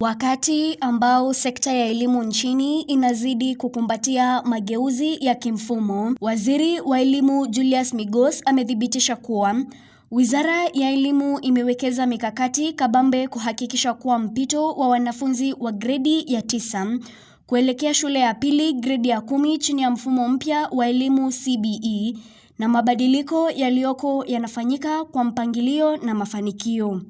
Wakati ambao sekta ya elimu nchini inazidi kukumbatia mageuzi ya kimfumo, Waziri wa Elimu Julius Migos amethibitisha kuwa Wizara ya Elimu imewekeza mikakati kabambe kuhakikisha kuwa mpito wa wanafunzi wa gredi ya tisa kuelekea shule ya pili gredi ya kumi chini ya mfumo mpya wa elimu CBE na mabadiliko yaliyoko yanafanyika kwa mpangilio na mafanikio.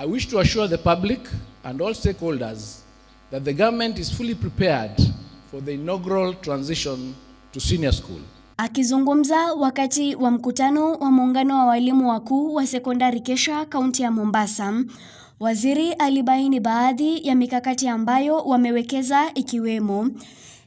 I wish to assure the public and all stakeholders that the government is fully prepared for the inaugural transition to senior school. Akizungumza wakati wa mkutano wa muungano wa walimu wakuu wa sekondari KESHA kaunti ya Mombasa, waziri alibaini baadhi ya mikakati ambayo wamewekeza ikiwemo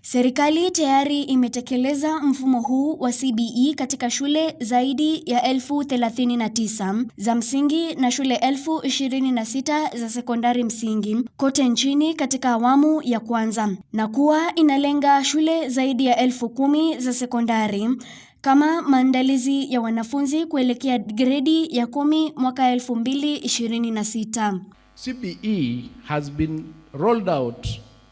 Serikali tayari imetekeleza mfumo huu wa CBE katika shule zaidi ya elfu thelathini na tisa za msingi na shule elfu ishirini na sita za sekondari msingi kote nchini katika awamu ya kwanza na kuwa inalenga shule zaidi ya elfu kumi za sekondari kama maandalizi ya wanafunzi kuelekea gredi ya kumi mwaka 2026. CBE has been rolled out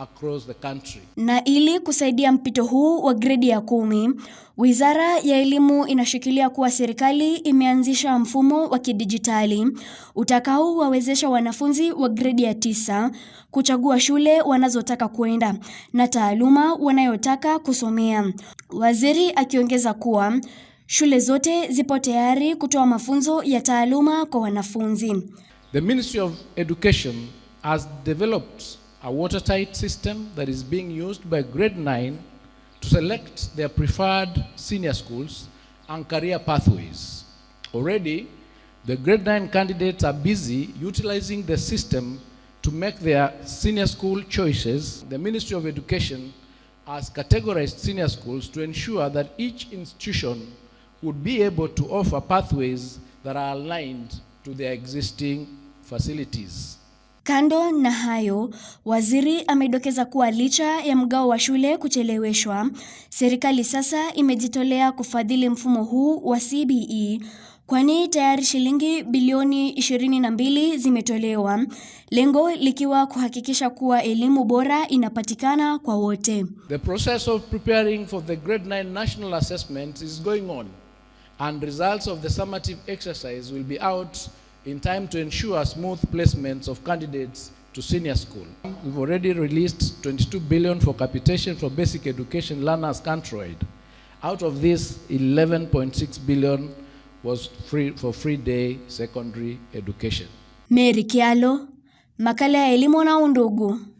across the country. Na ili kusaidia mpito huu wa gredi ya kumi, Wizara ya Elimu inashikilia kuwa serikali imeanzisha mfumo wa kidijitali utakaowawezesha wanafunzi wa gredi ya tisa kuchagua shule wanazotaka kwenda na taaluma wanayotaka kusomea. Waziri akiongeza kuwa shule zote zipo tayari kutoa mafunzo ya taaluma kwa wanafunzi. The Ministry of Education has developed a watertight system that is being used by grade 9 to select their preferred senior schools and career pathways. Already, the grade 9 candidates are busy utilizing the system to make their senior school choices. The Ministry of Education has categorized senior schools to ensure that each institution would be able to offer pathways that are aligned to their existing facilities. Kando na hayo, waziri amedokeza kuwa licha ya mgao wa shule kucheleweshwa, serikali sasa imejitolea kufadhili mfumo huu wa CBE kwani tayari shilingi bilioni 22 zimetolewa, lengo likiwa kuhakikisha kuwa elimu bora inapatikana kwa wote. The process of preparing for the grade 9 national assessment is going on and results of the summative exercise will be out in time to ensure smooth placements of candidates to senior school. We've already released 22 billion for capitation for basic education learners countrywide. Out of this, 11.6 billion was free for free day secondary education. Mary Kialo, makala ya elimu na Undugu.